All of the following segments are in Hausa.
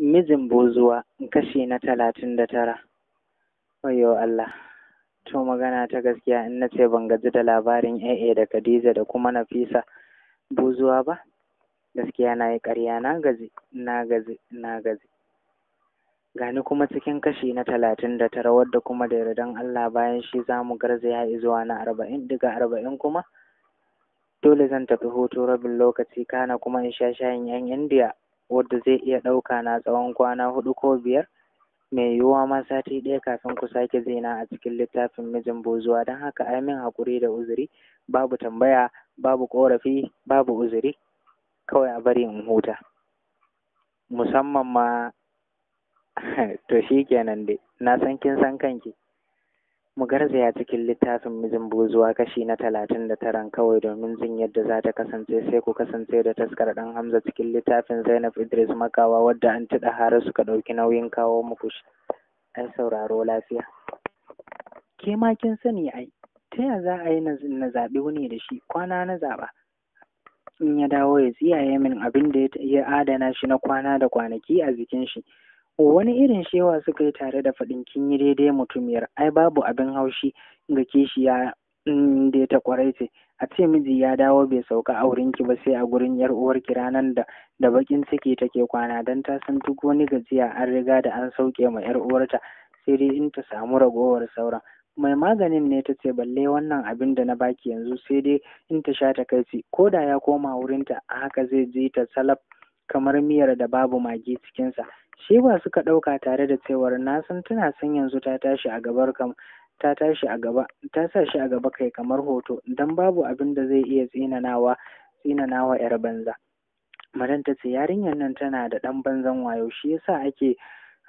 mijin bozuwa kashi na talatin da tara wayyo Allah to magana ta gaskiya in na ce ban gaji da labarin AA da Khadija da kuma Nafisa bozuwa ba gaskiya na yi ƙarya na gaji na gaji na gaji gani kuma cikin kashi na talatin da tara wadda kuma da yardan Allah bayan shi za mu garzaya zuwa na arba'in daga arba'in kuma dole zan tafi hutu rabin lokaci kana kuma in sha shayin yan indiya wadda zai iya ɗauka na tsawon kwana huɗu ko biyar mai yiwuwa ma sati ɗaya kafin ku sake zina a cikin littafin mijin bozuwa don haka ai min haƙuri da uzuri babu tambaya babu ƙorafi babu uzuri kawai a bari in huta musamman ma to shi kenan dai na san kin san kanki mu garzaya cikin littafin mijin bozuwa kashi na talatin da taran kawai domin jin yadda za ta kasance sai ku kasance da taskar dan hamza cikin littafin zainab idris makawa wadda an tiɗa hara suka ɗauki nauyin kawo muku shi ai sauraro lafiya ke ma kin sani ai ta ya za a yi na zaɓi wuni da shi kwana na zaɓa in ya dawo ya tsiyaye min abin da ya adana shi na kwana da kwanaki a jikin shi wani irin shewa suka yi tare da faɗin kin yi daidai mutumiyar ai babu abin haushi ga kishiya ya mm, da ta kwarai ce a ce miji ya dawo bai sauka a ki ba sai a gurin yar uwarki ranar da da bakin ciki take kwana dan ta san duk wani gajiya an riga da an sauke ma yar uwarta sai dai in ta samu ragowar sauran mai maganin ne ta ce balle wannan abin da na baki yanzu sai dai in ta sha ta kai ko da ya koma wurinta a haka zai ji ta salaf kamar miyar da babu magi cikinsa shi ba suka ɗauka tare da cewar na san tana san yanzu ta tashi a gabar kam ta tashi a gaba ta sa shi a gaba kai kamar hoto dan babu abin da zai iya tsinanawa tsinanawa yar banza madan ta ce yarinyar nan tana da ɗan banzan wayo shi yasa ake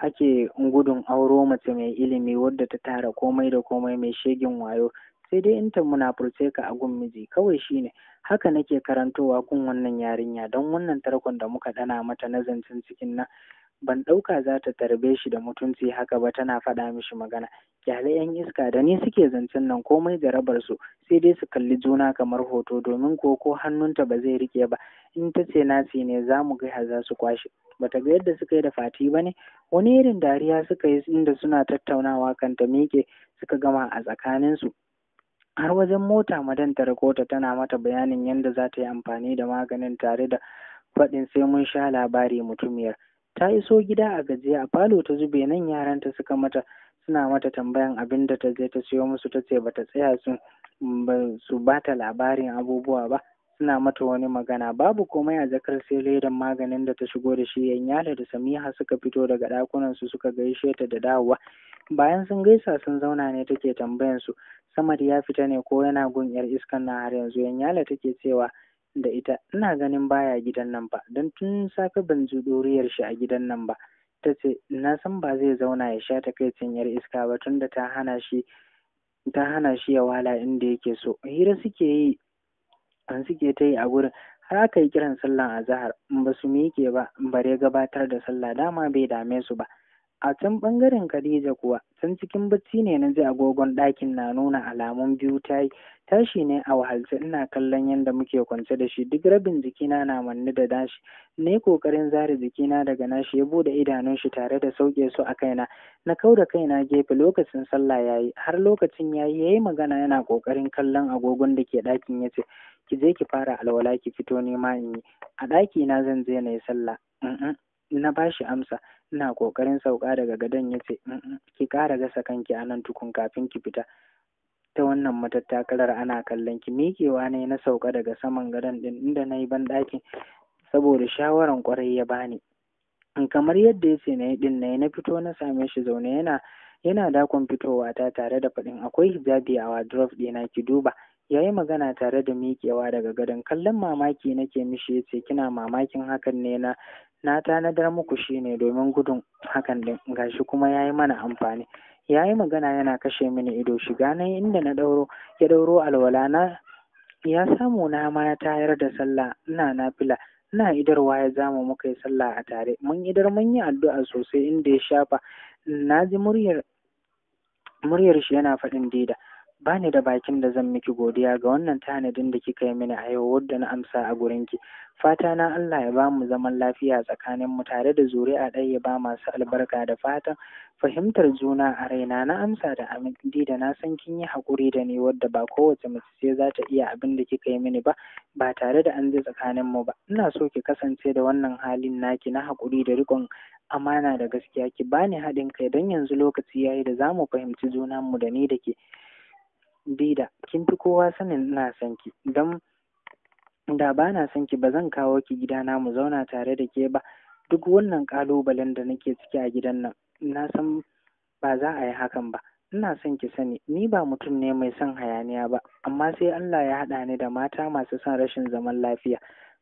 ake gudun auro mace mai ilimi wadda ta tara komai da komai mai shegin wayo sai dai in muna furceka ka a gun miji kawai shine haka nake karantowa kun wannan yarinya don wannan tarkon da muka ɗana mata na zancen cikin nan ban ɗauka za ta tarbe shi da mutunci haka ba tana faɗa mishi magana kyale yan iska da ni suke zancen nan komai jarabar su sai dai su kalli juna kamar hoto domin ko ko hannunta ba zai rike ba in ta ce nasi ne za mu gaya za su kwashe bata ga yadda suka yi da fati ba ne wani irin dariya suka yi inda suna tattaunawa kan ta miƙe suka gama a tsakaninsu har wajen mota madan ta tana mata bayanin yadda za ta yi amfani da maganin tare da faɗin sai mun sha labari mutumiyar ta iso gida a gajiya a falo ta zube nan yaranta suka mata suna mata tambayan abin da ta je ta siyo musu ta ce bata tsaya sun su bata labarin abubuwa ba suna mata wani magana babu komai a jakar sai ledan maganin da ta shigo da shi yanyala da samiha suka fito daga dakunan su suka gaishe ta da dawowa bayan sun gaisa sun zauna ne take tambayan su Samad ya fita ne ko yana gun 'yar iskan nan har yanzu yan yala take cewa da ita ina ganin baya gidan nan ba don tun safe ban ji doriyar shi a gidan nan ba ta ce na san ba zai zauna ya sha takaicin 'yar iska ba tunda ta hana shi ta hana shi ya wala inda yake so hira suke yi an suke ta yi a gurin har aka yi kiran sallan azahar ba su miƙe ba bare gabatar da sallah dama bai dame su ba A can bangaren Khadija kuwa, can cikin bacci ne na ji agogon dakin na nuna alamun biyu ta yi, tashi ne a wahalce ina kallon yadda muke kwance da shi duk rabin jikina na manne da dashi na yi ƙoƙarin zare jikina daga nashi ya buɗe idanun shi tare da sauke su a kaina na kau da kaina gefe lokacin sallah ya yi har lokacin ya yi ya yi magana yana ƙoƙarin kallon agogon da ke ɗakin ya ce ki je ki fara alwala ki fito nema in yi a ɗaki na zan je na yi sallah na bashi amsa ina ƙoƙarin sauka daga gadon ya ce mm, mm, ki ƙara gasa kanki a nan tukun kafin ki fita ta wannan matattakarar ana kallon ki miƙewa ne na sauka daga saman gadon ɗin inda na yi banɗakin saboda shawaran ƙwarai ya bani kamar yadda ya ce na yi ɗin na na fito na same shi zaune yana dakon fitowa ta tare da faɗin akwai hijabi a wardrobe ɗina ki duba ya yi magana tare da miƙewa daga gadon kallon mamaki nake mishi ya ce kina mamakin hakan ne na na tanadar muku shi ne domin gudun hakan din gashi kuma ya yi mana amfani ya yi magana yana kashe mini ido shiga na inda na ɗauro ya ɗauro alwala na ya samu na ma ya tayar da sallah ina nafila ina idarwa ya zamu muka yi sallah a tare mun idar mun yi addu'a sosai inda ya shafa na ji muryar muryar shi yana faɗin dida ba ni da bakin da zan miki godiya ga wannan tanadin da kika yi mini a yau wadda na amsa a gurinki fata na Allah ya ba mu zaman lafiya tsakanin mu tare da zuri'a ɗaya ya ba masu albarka da fatan fahimtar juna a raina na amsa da aminci da na san kin yi hakuri da ni wadda ba kowace mace ce za ta iya abin da kika yi mini ba ba tare da an ji tsakanin mu ba ina so ki kasance da wannan halin naki na hakuri da riƙon amana da gaskiya ki bani haɗin kai don yanzu lokaci yayi da za mu fahimci junanmu da ni da ke Dida, kin fi kowa sanin ina son ki, don da ba na son ki ba zan kawo ki gidana mu zauna tare da ke ba. Duk wannan ƙalubalen da nake ciki a gidan nan, na san ba za a yi hakan ba. Ina son ki sani, ni ba mutum ne mai son hayaniya ba, amma sai Allah ya haɗa ni da mata masu son rashin zaman lafiya.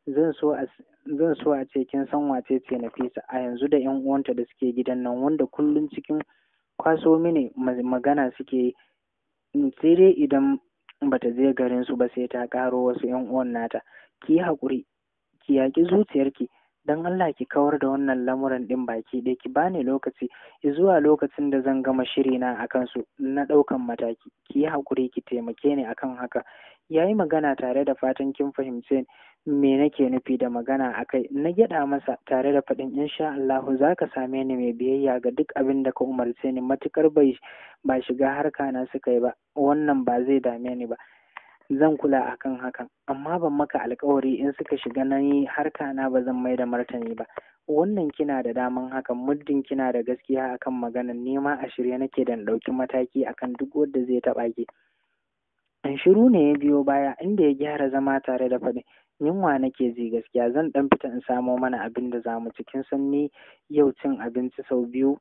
Zan so a ce kin san wace ce Nafisa a yanzu da 'yan uwanta da suke gidan nan wanda kullum cikin kwaso mini magana suke yi. Mm, sai dai idan bata je garin su ba sai ta ƙaro wasu 'yan uwan nata ki yi ki yaƙi zuciyarki dan Allah ki kawar da wannan lamuran ɗin baki ɗaya ki bani lokaci zuwa lokacin da zan gama shiri na akan su na ɗaukan mataki ki hakuri ki taimake ni akan haka yayi magana tare da fatan kin fahimce ni me nake nufi da magana a kai na gyada masa tare da faɗin insha Allah za ka same ni mai biyayya ga duk abin da ka umarce ni matukar ba shiga harka na suka yi ba wannan ba zai dame ni ba zan kula akan hakan amma ban maka alkawari in suka shiga na yi harka na ba zan mai da martani ba wannan kina da daman hakan muddin kina da gaskiya akan maganan nema a shirye nake da ɗauki mataki akan duk wanda zai taɓa In shiru ne ya biyo baya inda ya gyara zama tare da faɗin Yunwa nake ji gaskiya, zan ɗan fita in samo mana abin da za mu ci. Kin san yau cin abinci sau biyu,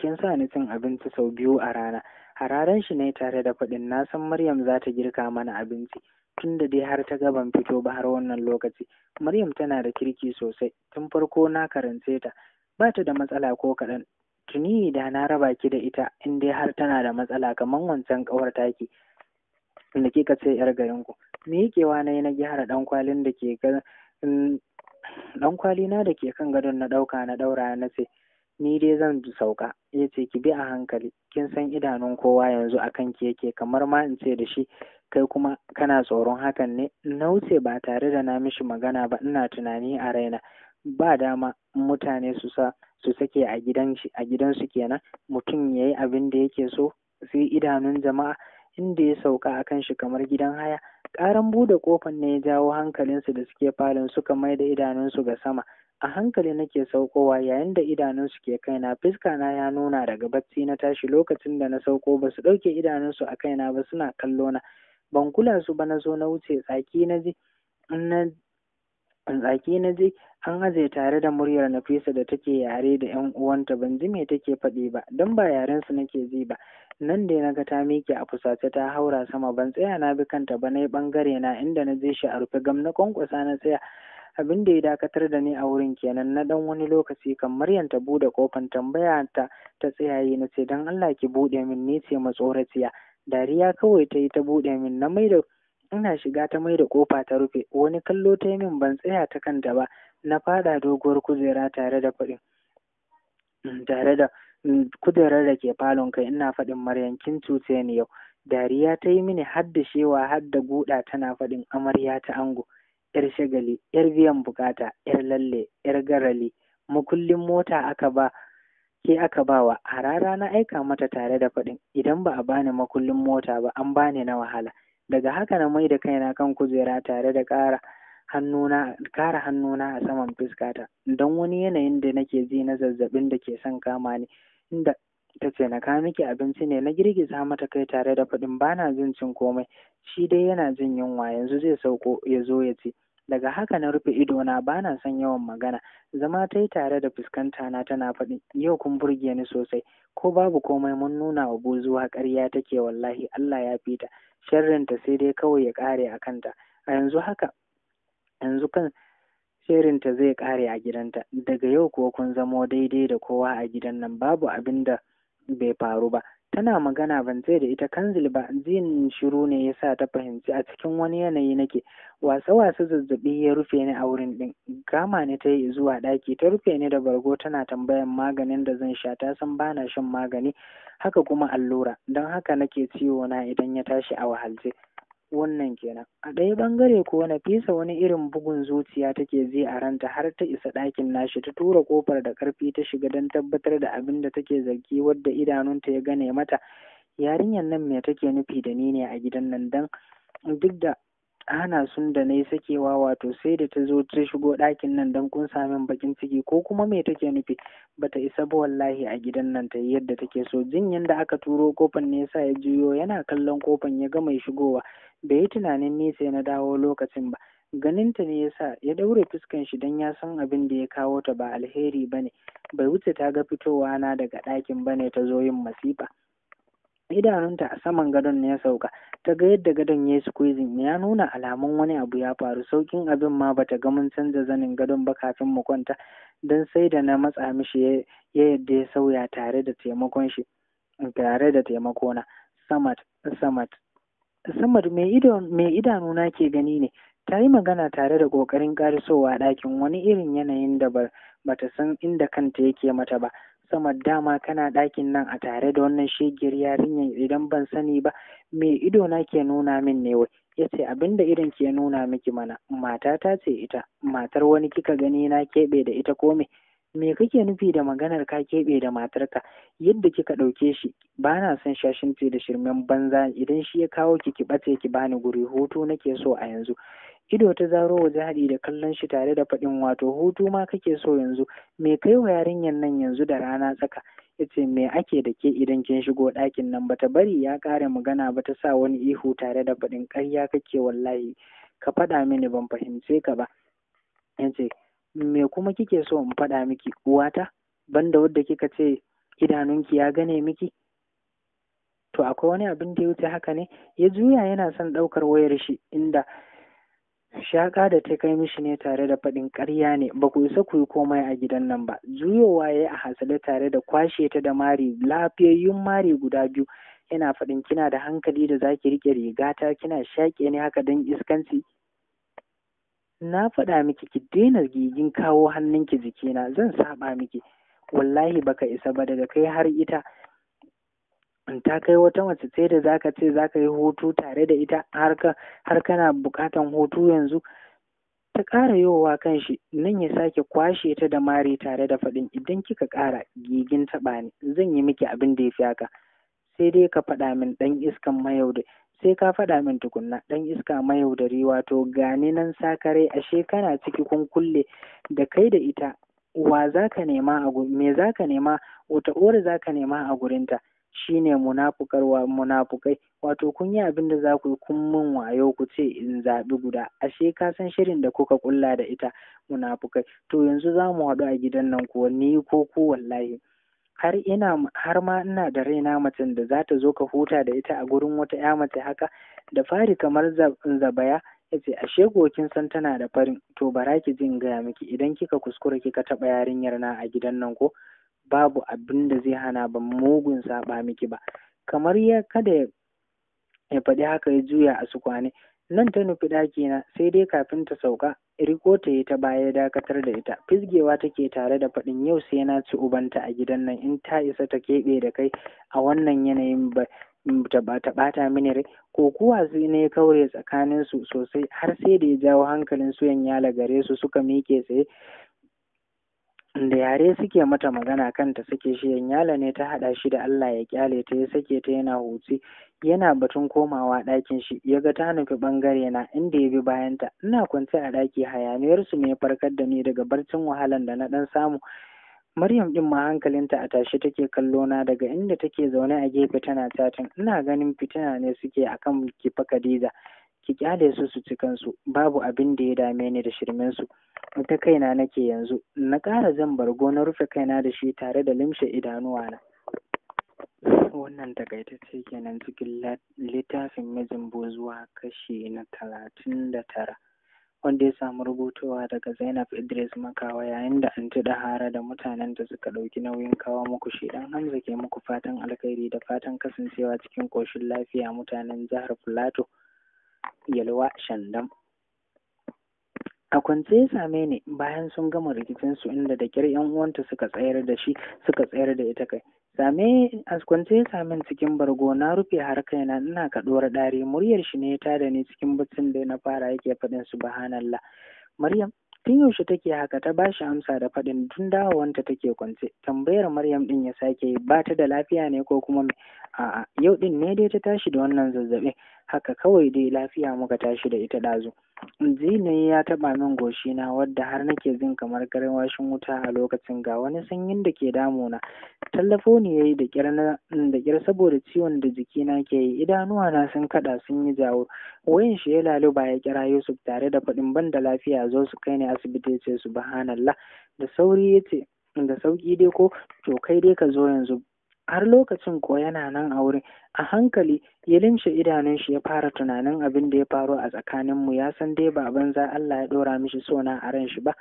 kin sa ni cin abinci sau biyu a rana. Hararen shi ne tare da kuɗin. na san Maryam za ta girka mana abinci tun da dai har ta ga ban fito ba har wannan lokaci. Maryam tana da kirki sosai, tun farko na karance ta, ba ta da matsala ko kaɗan. Tuni da na raba ki da ita in dai har tana da matsala kamar wancan ƙawar taki da kika ce 'yar garinku. miƙewa na yi na gyara kwalin da ke ɗankwali na da ke kan gadon na ɗauka na ɗaura na ce ni dai zan sauka ya ce ki bi a hankali kin san idanun kowa yanzu a kanki yake kamar ma in ce da shi kai kuma kana tsoron hakan ne na wuce ba tare da na mishi magana ba ina tunani a raina ba dama mutane su sa su sake a gidan shi a gidansu kenan mutum yayi abin da yake so sai idanun jama'a inda ya sauka akan shi kamar gidan haya Karan buɗe kofan ne ya jawo hankalinsu da suke falon suka mai da idanunsu ga sama. A hankali nake saukowa yayin da idanunsu ke kaina fiska na ya nuna daga bacci na tashi lokacin da na sauko ba su ɗauke idanunsu a kaina ba suna kallona. Ban kula su ba na zo na wuce tsaki na ji na Tsaki na je an aje tare da muryar Nafisa da take yare da ‘yan uwanta ban ji me take faɗi ba don ba yaren su nake ji ba. Nan da na ga ta miƙe a fusace ta haura sama ban tsaya na bi kanta ba na yi na inda na je shi a rufe gam na kwankwasa na tsaya. Abin da ya dakatar da ni a wurin kenan na dan wani lokaci kan Maryam ta buɗe kofan tambaya ta ta tsayaye na ce don Allah ki buɗe min ni ce matsoraciya. Dariya kawai ta yi ta buɗe min na mai maida ina shiga ta mai da kofa ta rufe wani kallo ta yi min ban tsaya ta kanta ba na faɗa doguwar kujera tare da faɗin mm, tare da mm, kujerar da ke falon kai ina faɗin maryam kin cuce ni yau dariya ta yi mini har da shewa har da guda tana faɗin amarya ta ango yar shagali yar biyan bukata yar lalle yar garali makullin mota aka ba ke aka bawa a rana na aika mata tare da faɗin idan ba a bani makullin mota ba an bani na wahala daga haka na mai da kaina kan kujera tare da ƙara hannuna kara hannuna a saman fuskata don wani yanayin da nake ji na zazzabin da ke son kama ni inda ta ce na kawo miki abinci ne na girgiza mata kai tare da faɗin bana jin cin komai shi dai yana jin yunwa yanzu zai sauko ya zo ya ce daga haka na rufe idona ba na son yawan magana zama ta yi tare da fuskanta na tana faɗi yau kun burge ni sosai ko babu komai mun nuna wa buzuwa ƙarya take wallahi Allah ya fita sharrinta sai dai kawai ya ƙare a kanta a yanzu haka yanzu kan shirinta zai ƙare a gidanta daga yau kuwa kun zamo daidai da kowa a gidan nan babu abin da bai faru ba tana magana ban ce da ita kanzil ba jin shiru ne ya sa ta fahimci a cikin wani yanayi nake wasa wasa zazzabi ya rufe ni a wurin din kama ne ta yi zuwa ɗaki ta rufe ni da bargo tana tambayan maganin da zan sha ta san bana shan magani haka kuma allura don haka nake ciwo na idan ya tashi a wahalce wannan kenan a ɗaya ɓangare kuwa nafisa wani irin bugun zuciya take ji a ranta har ta isa ɗakin nashi ta tura kofar da ƙarfi ta shiga don tabbatar da abin da take zargi wadda idanunta ya gane mata yarinyar nan me take nufi da ni ne a gidan nan don? duk da Ana sun da na sakewa wato sai da ta zo ta shigo ɗakin nan don kun min bakin ciki ko kuma mai take nufi bata isa ba wallahi a gidan nan ta yi yadda take so jin yadda aka turo kofan ne ya juyo yana kallon kofan ya ga mai shigowa bai yi tunanin ni sai na dawo lokacin ba ganinta ne yasa ya daure fuskan shi don ya san abin da ya kawo ta ba alheri bane bai wuce ta ga fitowa na daga ɗakin bane ta zo yin masifa idanunta a saman gadon ne ya sauka ta ga yadda gadon ya yi squeezing ya nuna alamun wani abu ya faru saukin abin ma bata ga mun canza zanin gadon ba kafin mu kwanta don sai da na matsa mishi ya yadda ya sauya tare da taimakon shi tare da taimakona samat samat samad mai idanuna ke gani ne ta yi magana tare da ƙoƙarin karisowa dakin wani irin yanayin da ba ta san inda kanta yake mata ba sama dama kana ɗakin nan a tare da wannan shegiyar yarinyar idan ban sani ba me ido na ke nuna min ne wai ya ce abin da irin ke nuna miki mana matata ce ita matar wani kika gani na keɓe da ita ko me me kake nufi da maganar ka keɓe da matarka yadda kika ɗauke shi ba na son shashinci da shirmen banza idan shi ya kawo ki ki ɓace ki bani guri hutu nake so a yanzu ido ta zaro waje haɗi da kallon shi tare da faɗin wato hutu ma kake so yanzu me kai wa yarinyar nan yanzu da rana tsaka ce, me ake da ke idan kin shigo ɗakin nan bata bari ya ƙare magana ba ta sa wani ihu tare da faɗin ƙarya kake wallahi ka faɗa mini ban fahimce ka ba ce, me kuma kike so in faɗa miki uwata banda wadda kika ce idanunki ya gane miki to akwai wani abin da ya wuce haka ne ya juya yana son ɗaukar wayar shi inda Shaka da ta kai mishi ne tare da faɗin ƙarya ne, ba ku isa ku yi komai a gidan nan ba. Juyowa ya yi a hasale tare da kwashe ta da mari, lafiyayyun mari guda biyu. Yana faɗin kina da hankali da za ki riƙe rigata, kina shaƙe ne haka don iskanci. Na faɗa miki ki daina gigin kawo hannunki jikina, zan saɓa miki. Wallahi baka isa ba daga kai har ita, ta kai wata mace sai da zaka ce zaka yi hutu tare da ita har ka har kana bukatan hutu yanzu ta ƙara yowa kan shi nan ya sake kwashe ta da mari tare da faɗin idan kika ƙara gigin taɓa ne zan yi miki abin da ya fi haka sai dai ka faɗa min ɗan iskan mayaudari sai ka faɗa min tukunna ɗan iska mayaudari wato gane nan sakare ashe kana ciki kun kulle da kai da ita wa za nema a me za nema wata ore za nema a gurinta shine munafukar wa munafukai wato kun yi abin da za ku yi kun mun wayo ku ce in zaɓi guda ashe ka san shirin da kuka kulla da ita munafukai to yanzu za mu haɗu a gidan nan ko ni ko ku wallahi har ina har ma ina da raina macen da za ta zo ka huta da ita a gurin wata ya mace haka da fari kamar zabaya ya ce ashe gokin san tana da farin to bara ki jin gaya miki idan kika kuskura kika taɓa yarinyar na a gidan nan ko babu abin da zai hana ban mugun saɓa miki ba kamar ya kada ya faɗi haka ya juya a su kwane nan ta nufi ɗaki na sai dai kafin ta sauka riko ta yi ta baya dakatar da ita fisgewa take tare da faɗin yau sai na ci ubanta a gidan nan in ta isa ta keɓe da kai a wannan yanayin ba ta ɓata mini rai ko kuwa su ne kaure tsakanin su sosai har sai da ya jawo hankalin suyan yala gare su suka miƙe tsaye da yare suke mata magana kanta suke shi, yanyala ne ta haɗa shi da Allah ya kyale ta ya sake ta yana hutsi yana batun komawa ɗakin shi ya ga ta nufi bangare na inda ya bi bayanta ina kwance a ɗaki hayaniyar su ne farkar da ni daga barcin wahalan da na ɗan samu Maryam ɗin ma hankalinta a tashe take kallo na daga inda take zaune a gefe tana catin ina ganin fitina ne suke akan kifa Khadija ki kyale su su ci kansu babu abin da ya dame ni da shirmen su ta kaina nake yanzu na ƙara zan bar na rufe kaina da shi tare da limshe na. wannan takaitacce kenan cikin littafin mijin bozuwa kashi na talatin da tara wanda ya samu rubutowa daga zainab idris makawa yayin da anti dahara da mutanen da suka ɗauki nauyin kawo muku shi dan hamza ke muku fatan alkhairi da fatan kasancewa cikin koshin lafiya mutanen jihar plateau yalwa shandam a kwance ya same ni bayan sun gama rikicinsu inda da kyar yan uwanta suka tsayar da shi suka tsayar da ita kai same a kwance ya same cikin bargo na rufe har kaina ina kaɗuwar ɗari muryar shi ne ta da ni cikin bacin da na fara yake faɗin su. subhanallah maryam tun yaushe take haka ta bashi amsa da faɗin tun dawowanta take kwance tambayar maryam din ya sake yi ba ta da lafiya ne ko kuma A'a, yau ɗin ne dai ta tashi da wannan zazzaɓin, haka kawai dai lafiya muka tashi da ita ɗazu. Zinayi ya taɓa min goshi na wadda har nake jin kamar garwashin wuta a lokacin ga wani sanyin da ke damuna. Tallafo ya yayi da ƙyar saboda ciwon da jikina ke yi, idanuwa na sun kaɗa sun yi jawo. Wayan shi ya laluba ya kira Yusuf tare da faɗin ban da lafiya zo su kai ni asibiti ya ce subhanallah. Da sauri ya ce da sauƙi dai ko to kai dai ka zo yanzu har lokacin ko yana nan a wurin a hankali ya limshe idanun shi ya fara tunanin abin da ya faru a tsakanin mu ya san dai ba banza Allah ya dora mishi sona a ran shi ba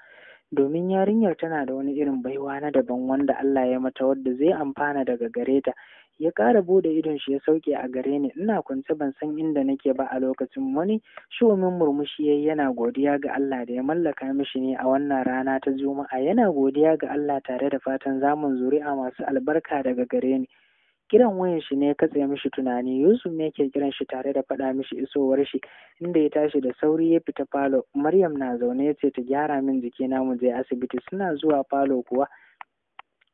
domin yarinyar tana da wani irin baiwa na daban wanda Allah ya mata wadda zai amfana daga gareta. ya ƙara bude idon shi ya sauke a gare ni ina kwance ban san inda nake ba a lokacin wani shumin murmushi yayi yana godiya ga Allah da ya mallaka mishi ne a wannan rana ta juma'a yana godiya ga Allah tare da fatan zamun zuri'a masu albarka daga gare ni kiran wayan shi ne katse mishi tunani Yusuf ne ke kiran shi tare da faɗa mishi isowar shi inda ya tashi da sauri ya fita falo Maryam na zaune ya ce ta gyara min jikina mu je asibiti suna zuwa falo kuwa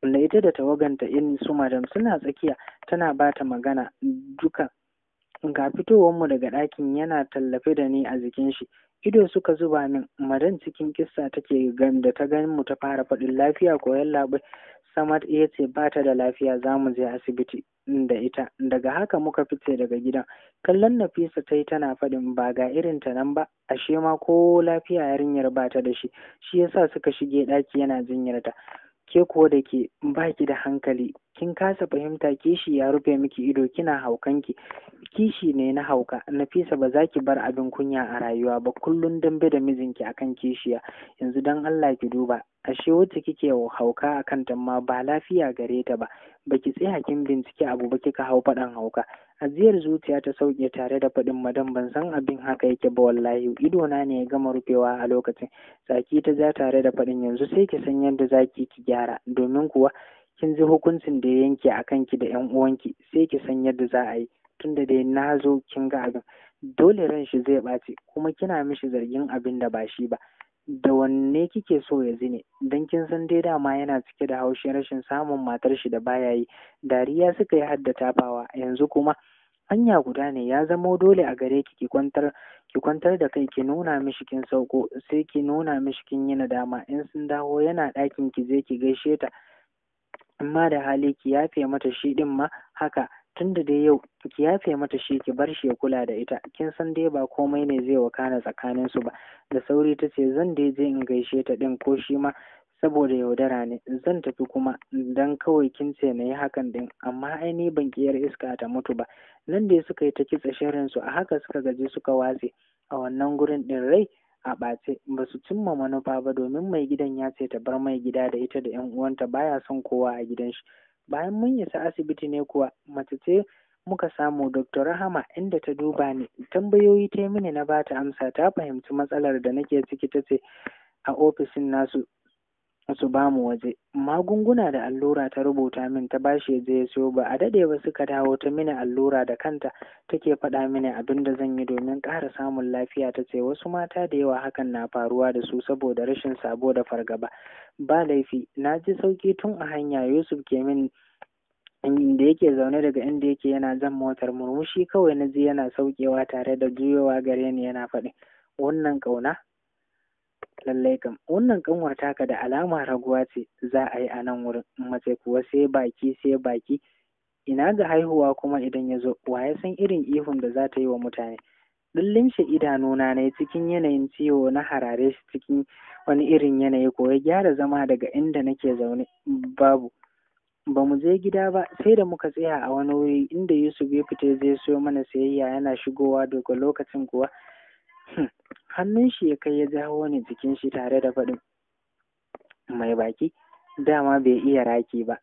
Kulle ita da tawaganta in su madam suna tsakiya tana ba ta magana duka ga fitowarmu daga ɗakin yana tallafe da ni a jikin shi ido suka zuba min madan cikin kissa take gan da ta gan mu ta fara faɗin lafiya ko labai samad ya ce ba ta da lafiya za mu je asibiti da ita daga haka muka fice daga gidan kallon nafisa ta yi tana faɗin ba ga irin ta nan ba ashe ma ko lafiya yarinyar ba ta da shi shi yasa suka shige ɗaki yana jinyar ta ke kuwa da ke ba ki da hankali kin kasa fahimta kishi ya rufe miki ido kina haukanki kishi ne na hauka nafisa ba za ki bar abin kunya a rayuwa ba kullun dambe da mijinki akan kishiya yanzu dan Allah ki duba ashe wacce kike hauka akan ta ma ba lafiya gare ta ba baki tsaya kin bincike abu ba kika hau faɗin hauka ajiyar zuciya ta sauke tare da faɗin madan ban san abin haka yake ba wallahi ido na ne ya gama rufewa a lokacin Zaki ta ja tare da faɗin yanzu sai ki san yadda zaki ki gyara domin kuwa kin ji hukuncin da ya yanke a kanki da yan uwanki sai ki san yadda za a yi tunda dai na zo kin ga abin dole ran shi zai ɓaci kuma kina mishi zargin abin da ba shi ba da wanne kike so ya zine don kin san dai dama yana cike da haushi rashin samun matar shi da baya yi dariya suka yi hadda tafawa yanzu kuma hanya guda ne ya zamo dole a gare ki ki kwantar ki kwantar da kai ki nuna mishi kin sauko sai ki nuna mishi kin yi nadama in sun dawo yana ɗakin ki je ki gaishe ta amma da hali ki yafe mata shi ɗin ma haka da dai yau ki yafe mata shi ki bar shi ya kula da ita kin san dai ba komai ne zai wakana tsakanin su ba da sauri ta ce zan dai je in gaishe ta ɗin, ko shi ma saboda yaudara ne zan tafi kuma dan kawai kin ce na yi hakan ɗin, amma ai ni ban kiyar iska ta mutu ba nan dai suka yi ta kitsa shirin su a haka suka gaji suka watse a wannan gurin ɗin rai a ɓace ba su cimma manufa ba domin mai gidan ya ce ta bar mai gida da ita da 'yan uwanta baya son kowa a gidan shi bayan mun isa asibiti ne kuwa mace ce muka samu dr rahama inda ta duba ni tambayoyi ta mini na bata amsa ta fahimci matsalar da nake ciki ta ce a ofishin nasu su ba mu waje magunguna da allura ta rubuta min ta bashi ya je ya siyo ba a dade ba suka dawo ta mini allura da kanta take faɗa mini abin da zan yi domin ƙara samun lafiya ta ce wasu mata da yawa hakan na faruwa da su saboda rashin sabo da fargaba ba laifi na ji sauki tun a hanya yusuf ke min da yake zaune daga inda yake yana zan motar murmushi kawai na ji yana saukewa tare da juyowa gare ni yana faɗi wannan ƙauna lallai kam wannan kanwata ka da alama raguwa ce za a yi a nan wurin mace kuwa sai baki sai baki ina ga haihuwa kuma idan ya zo wa ya san irin ihun da za ta yi wa mutane ɗan limshe idanu na cikin yanayin ciwo na harare shi cikin wani irin yanayi ko ya gyara zama daga inda nake zaune babu ba mu je gida ba sai da muka tsaya a wani wuri inda yusuf ya fita zai siyo mana sayayya yana shigowa daga lokacin kuwa hmm. hannun shi ya kai ya jawo ni jikin shi tare da faɗin mai baki dama bai iya raki ba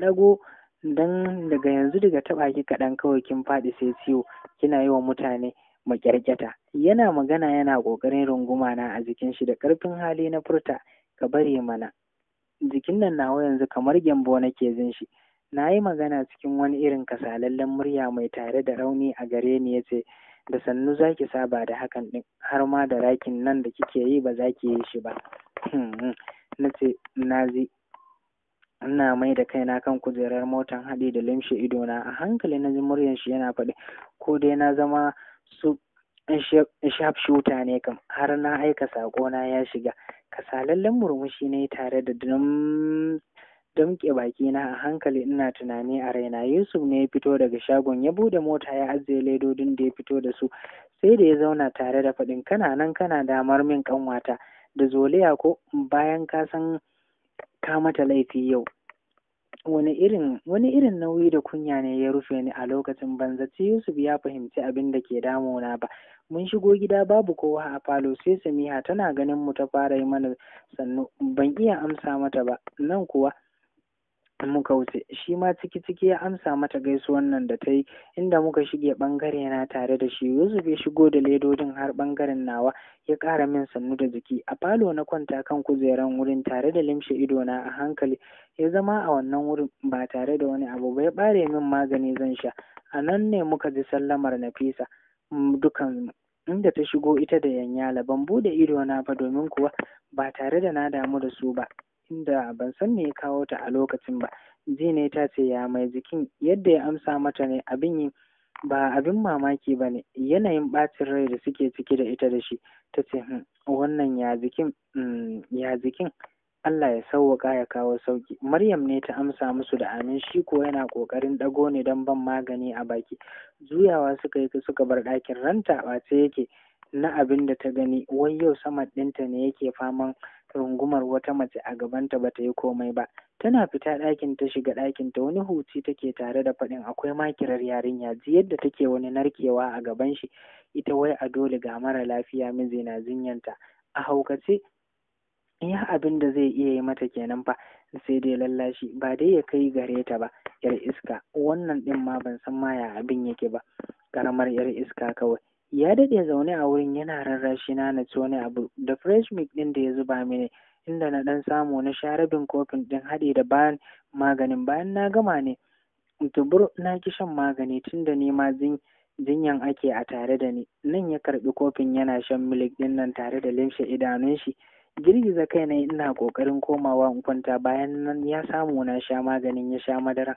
ɗago dan daga yanzu daga taɓa ki kaɗan kawai kin faɗi sai ciwo kina yi wa mutane maƙyarƙyata yana magana yana ƙoƙarin runguma na a jikin shi da ƙarfin hali na furta ka bari mana jikin nan nawa yanzu kamar gyambo nake jin shi na yi magana cikin wani irin kasalallen murya mai tare da rauni a gare ni ya ce da sannu za ki saba da hakan ɗin har ma da rakin nan da kike yi ba za ki yi shi ba hmm, na ce na zi ina mai da kaina kan kujerar motan haɗi da limshe idona a hankali na ji muryan shi yana faɗi ko dai na zama su sharp shooter ne kam har na aika sako na ya shiga kasalallen murmushi ne tare da baki na a hankali ina tunani a raina yusuf ne ya fito daga shagon ya bude mota ya ajiye ledodin da ya fito da su sai da ya zauna tare da faɗin kana nan kana damar min kanwata da zoliya ko bayan ka san ka mata laifi yau wani irin wani irin nauyi da kunya ne ya rufe ni a lokacin banzaci Yusuf ya fahimci abin da ke damuna ba mun shigo gida babu kowa a falo sai Samiha tana ganin mu ta fara yi mana sannu ban iya amsa mata ba nan kuwa muka wuce shi ma ciki ciki ya amsa mata gaisuwan nan da ta yi inda muka shige bangare na tare da shi Yusuf ya shigo da ledodin har bangaren nawa ya ƙara min sannu da jiki a falo na kwanta kan kujeran wurin tare da limshe ido na a hankali ya zama a wannan wurin ba tare da wani abu ba ya bare min magani zan sha a nan ne muka ji sallamar Nafisa mm, dukan inda ta shigo ita da Yanyala ban bude ido na ba domin kuwa ba tare da na damu da su ba tunda ban san me ya kawo ta a lokacin ba ji ne ta ce ya mai jikin yadda ya amsa mata ne abin ba abin mamaki ba ne yanayin bacin rai da suke ciki da ita da shi ta ce hmm, wannan ya jikin hmm, ya jikin Allah ya sauwaka ya kawo sauki. Maryam ne ta amsa musu da amin shi ko yana ƙoƙarin ɗago ne don ban magani a baki. Juyawa suka yi suka bar ɗakin ranta ɓace yake na abin da ta gani wai yau sama ɗinta ne yake faman rungumar wata mace a gabanta ba ta yi komai ba tana fita ɗakin ta shiga ɗakin ta wani huci take tare da faɗin akwai makirar yarinya ji yadda take wani narkewa a gaban shi ita wai a dole ga mara lafiya miji na zinyanta a haukace ya abin da zai iya yi mata kenan fa sai dai lallashi ba dai ya kai gare ta ba yar iska wannan din ma ban san ma ya abin yake ba karamar yar iska kawai ya daɗe zaune a wurin yana rarrashi na na wani abu da fresh milk ɗin da ya zuba mini inda na ɗan samu na sha rabin kofin ɗin haɗi da bayan maganin bayan na gama ne tubur na ki shan magani tunda ni ma jinyan ake a tare da ni nan ya karɓi kofin yana shan milik ɗin nan tare da limshe idanun shi girgiza kai na ina ƙoƙarin komawa in kwanta bayan nan ya samu na sha maganin ya sha madara.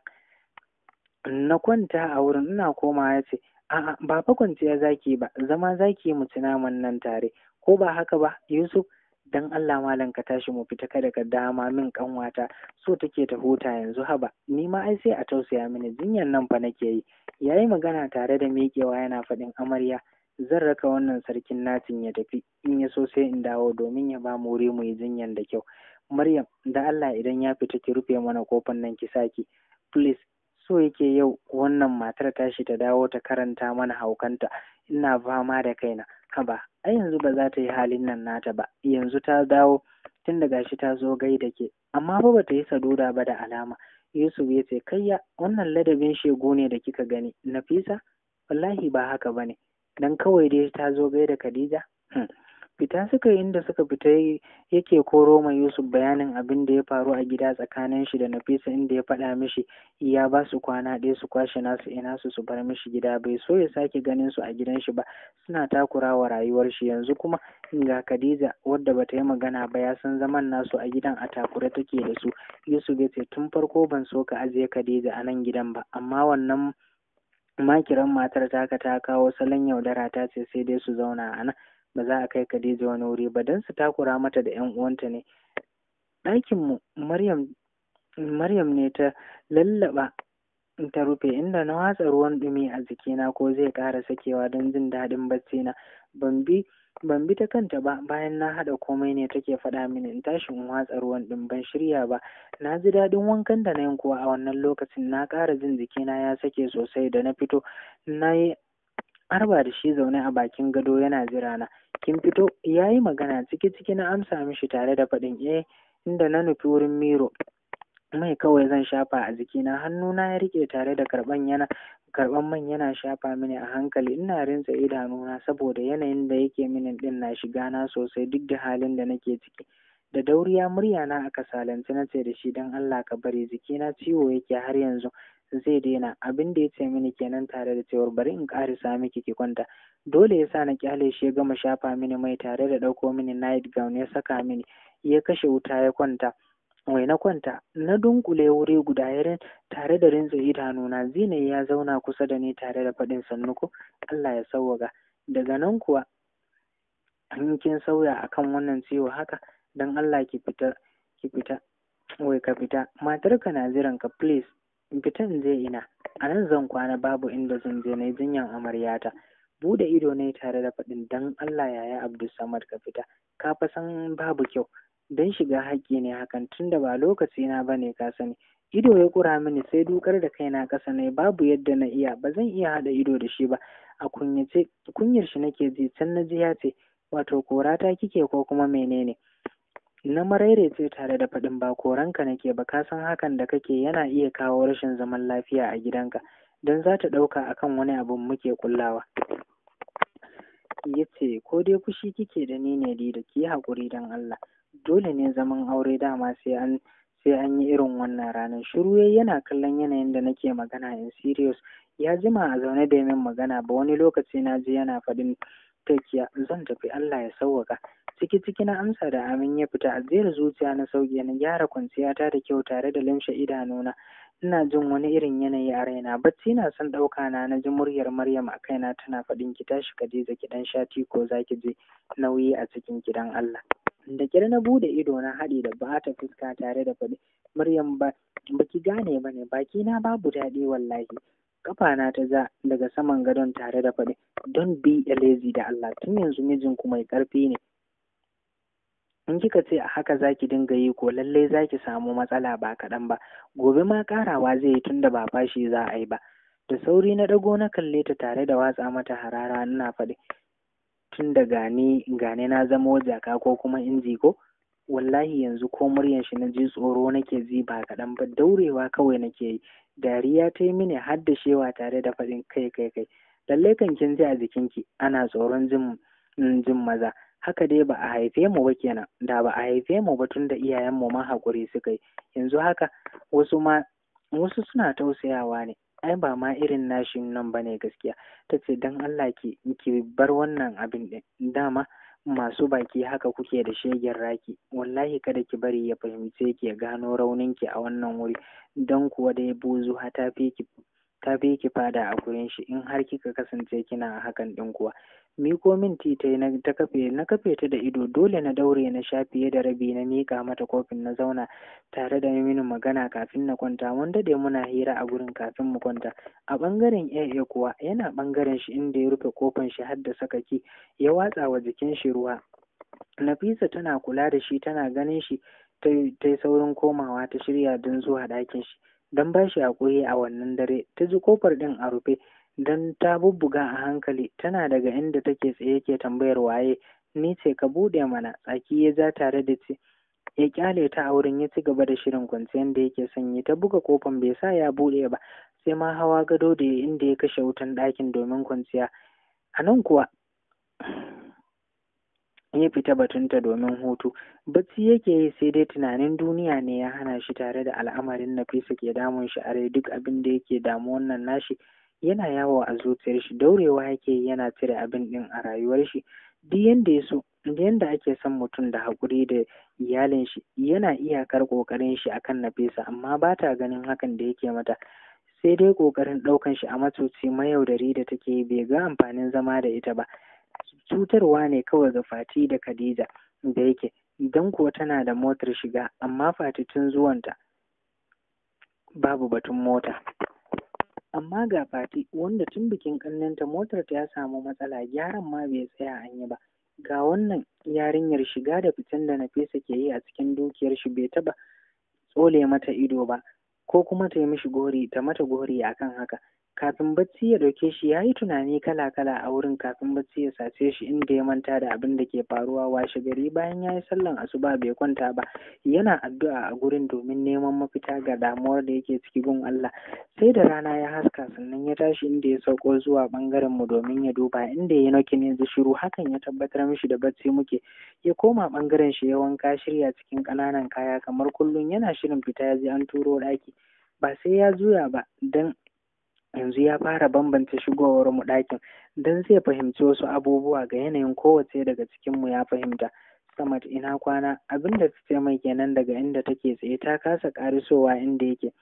na kwanta a wurin ina komawa ya ce A'a, ba fa kwanciya za ki yi ba, zama za ki yi mu ci naman nan tare, ko ba haka ba, Yusuf? Dan Allah malam ka tashi mu fita kada ka dama min kanwata, so take ta huta yanzu haba, ni ma ai sai a tausaya mini jinyan nan fa nake yi. Yayi magana tare da miƙewa yana faɗin amarya, zan raka wannan sarkin natin ya tafi in ya so sai in dawo domin ya ba mu wuri mu yi jinyan da kyau maryam da allah idan ya fita ki rufe mana kofan nan ki saki please so yake yau wannan matar tashi ta dawo ta karanta mana haukanta ina fama da kaina haba ai yanzu ba za ta yi halin nan nata ba yanzu ta dawo tun da gashi ta zo gai da ke amma fa bata yi saduda ba da alama Yusuf ya ce kayya wannan ladabin shegu ne da kika gani Nafisa wallahi ba haka bane dan kawai dai ta zo gai da Khadija hmm. fita suka yi inda suka fita yake koro mai yusuf bayanin abin da ya faru a gida tsakanin shi da nafisa inda ya faɗa mishi ya ba su kwana ɗaya su kwashe nasu ina su su bar mishi gida bai so ya sake ganin su a gidan shi ba suna takura wa rayuwar shi yanzu kuma ga khadija wadda ba ta yi magana ba ya san zaman nasu a gidan a takure take da su yusuf ya ce tun farko ban so ka ajiye khadija a nan gidan ba amma wannan makiran matar taka ta kawo salon yaudara ta ce sai dai su zauna a nan ba za a kai Khadija wani wuri ba don su takura mata da ‘yan uwanta ne. Ɗakin mu Maryam ne ta lallaba ta rufe inda na watsa ruwan ɗumi a jikina ko zai ƙara sakewa don jin daɗin na Ban bi ban bi ta kanta ba bayan na haɗa komai ne take faɗa mini in tashi in watsa ruwan ɗin ban shirya ba na ji daɗin wankan da na yin kuwa a wannan lokacin na ƙara jin jikina ya sake sosai da na fito na yi arba da shi zaune a bakin gado yana jira na kin fito ya yi magana ciki ciki na amsa mishi tare da faɗin E! inda na nufi wurin miro mai kawai zan shafa a jikina hannuna ya rike tare da karɓan yana karban man yana shafa mini a hankali ina rinsa idanuna saboda yanayin da yake mini din na shiga na sosai duk da halin da nake ciki da dauriya murya na aka salanci na ce da shi don Allah ka bari jikina ciwo yake har yanzu zai daina abin da ya ce mini kenan tare da cewar bari in ƙarisa miki ki kwanta dole ya sa na kyale shi ya gama shafa mini mai tare da ɗauko mini night gown ya saka mini ya kashe wuta ya kwanta wai na kwanta na dunkule wuri guda ya tare da rintsa idanuna zinai ya zauna kusa da ni tare da faɗin sannu ko? Allah ya sauwaga daga nan kuwa in kin sauya akan wannan ciwo haka dan Allah ki fita ki fita wai ka fita matarka na jiran ka please fitin je ina a nan zan kwana babu inda zan je na yi jinyan amaryata bude ido na tare da faɗin dan Allah yaya Abdul Samad ka fita ka fa san babu kyau dan shiga haƙƙi ne hakan tunda ba lokaci na ba ne ka sani ido ya kura mini sai dukar da kaina ƙasa ne babu yadda na iya ba zan iya haɗa ido da shi ba a kunyace kunyar shi nake ji can na ji ya ce wato korata kike ko kuma menene na marairece tare da faɗin ba koranka nake ba ka san hakan da kake yana iya kawo rashin zaman lafiya a gidanka don za ta ɗauka akan wani abun muke kullawa yace ko dai fushi kike da ni ne da ki haƙuri don Allah dole ne zaman aure dama sai an sai an yi irin wannan ranar shiru yana kallon yanayin da nake magana in serious ya jima a zaune da min magana ba wani lokaci na ji yana faɗin tafiya zan tafi Allah ya sauwaka ciki ciki na amsa da amin ya fita ajiyar zuciya na sauke na gyara kwanciyata da kyau tare da limshe idanuna ina jin wani irin yanayi a raina bacci na son ɗauka na na ji muryar maryam a kaina tana faɗin ki tashi ka je ki dan shati ko zaki je nauyi a cikin gidan allah da kyar na bude ido na haɗi da bata fuska tare da faɗi maryam ba baki gane bane ne baki na babu daɗi wallahi na ta ja daga saman gadon tare da faɗi. Don be a lazy da Allah, tun yanzu mijinku mai ƙarfi ne. In kika ce a haka za ki dinga yi ko lallai za ki samu matsala ba kaɗan ba, gobe ma ƙarawa zai yi tunda ba fashi za a yi ba. Da sauri na ɗago na kalle ta tare da watsa mata harara ina faɗi. Tun da gane gane na zamo jaka ko kuma inji ko, wallahi yanzu ko muryan shi na ji tsoro nake ji ba kaɗan ba daurewa kawai nake yi dariya ta yi mini har tare da faɗin kai kai kai lalle kan kin ji a jikin ki. ana tsoron jin jin maza haka dai ba a haife mu ba kenan da ba a haife mu ba tunda iyayen mu ma hakuri suka yi yanzu haka wasu ma wasu suna tausayawa ne ai ba ma irin nashin nan bane gaskiya ta ce don allah ki ki bar wannan abin din dama masu baki haka kuke da shegen raki wallahi kada ki bari ya fahimce ki ya gano raunin ki a wannan wuri don kuwa dai bozuha ta fi ki ki fada a gurin shi in har kika kasance kina hakan din kuwa Miko min ti ta na kafe na kafe ta da ido dole na daure na sha fiye da rabi na mika mata kofin na zauna tare da mini magana kafin na kwanta wanda dai muna hira a gurin kafin mu kwanta a bangaren 'ya'ya kuwa yana bangaren shi inda ya rufe kofin shi har da sakaki ya watsa wa jikin shi ruwa Nafisa tana kula da shi tana ganin shi ta yi saurin komawa ta shirya don zuwa ɗakin shi don ba shi haƙuri a wannan dare ta ji kofar ɗin a rufe don ta bubbuga a hankali tana daga inda take tsaye ke tambayar waye ni ce ka buɗe mana tsaki ya ja tare da ce ya kyale ta a wurin ya ci gaba da shirin kwanciyar da yake sanyi ta buga kofan bai sa ya buɗe ba sai ma hawa gado da inda ya kashe wutan ɗakin domin kwanciya a nan kuwa ya fita batunta domin hutu bacci yake yi sai dai tunanin duniya ne ya hana shi tare da al'amarin nafisa ke damun shi a duk abin da yake damu wannan nashi yana yawo a zuciyar shi daurewa yake yana cire abin ɗin a rayuwar shi duk yanda ya so da yanda ake son mutum da haƙuri da iyalin shi yana iyakar ƙoƙarin shi akan Nafisa amma ba ta ganin hakan da yake mata sai dai ƙoƙarin ɗaukan shi a matuci mayaudari da take yi bai ga amfanin zama da ita ba cutarwa ne kawai ga Fati da Khadija da yake idan kuwa tana da motar shiga amma Fati tun zuwanta babu batun mota amma ga fati wanda tun bikin ƙannenta motar ta ya samu matsala gyaran ma bai tsaya an yi ba ga wannan yarinyar shiga da fitan da na fesa ke yi a cikin dukiyar shi bai taba tsole mata ido ba ko kuma ta yi mishi gori ta mata gori akan haka kafin bacci ya ɗauke shi ya yi tunani kala-kala a wurin kafin bacci ya sace shi inda ya manta da abin da ke faruwa washe gari bayan ya yi sallan asuba bai kwanta ba yana addu'a a gurin domin neman mafita ga damuwar da yake ciki gun Allah sai da rana ya haska sannan ya tashi inda ya sauko zuwa bangaren mu domin ya duba inda ya ne da shiru hakan ya tabbatar mishi da bacci muke ya koma bangaren shi ya wanka shirya cikin ƙananan kaya kamar kullum yana shirin fita ya je an turo ɗaki ba sai ya juya ba dan yanzu ya fara bambance shigowar mu ɗakin don zai fahimci wasu abubuwa ga yanayin kowace daga cikin mu ya fahimta Samad ina kwana abin da ta ce mai kenan daga inda take tsaye ta kasa karisowa inda yake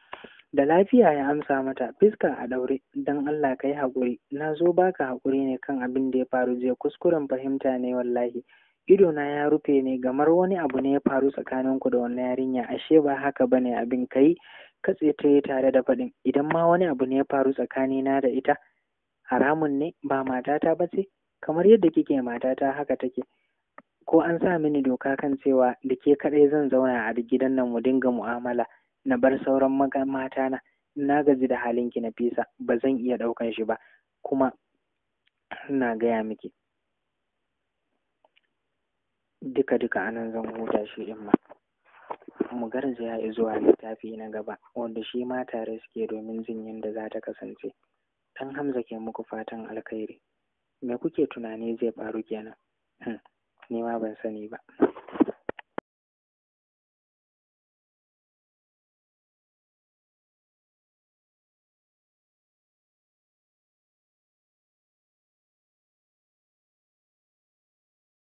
da lafiya ya amsa mata fiska a ɗaure, don Allah ka yi haƙuri na zo baka haƙuri ne kan abin da ya faru jiya kuskuren fahimta ne wallahi ido na ya rufe ne gamar wani abu ne ya faru tsakaninku da wannan yarinya ashe ba haka bane abin kai katse ta tare da faɗin idan ma wani abu ne ya faru na da ita haramun ne ba matata ba ce kamar yadda kike matata haka take ko an sa mini doka kan cewa da ke kaɗai zan zauna a gidan nan mu dinga mu'amala na bar sauran matana na gaji da halinki na fisa ba zan iya ɗaukan shi ba kuma na gaya miki duka duka anan zan huta shi ɗin ma mu garzaya zuwa littafi na gaba wanda shi ma tare suke domin jin yadda za ta kasance Ɗan hamza ke muku fatan alkhairi me kuke tunani zai faru kenan hmm, ni ma ban sani ba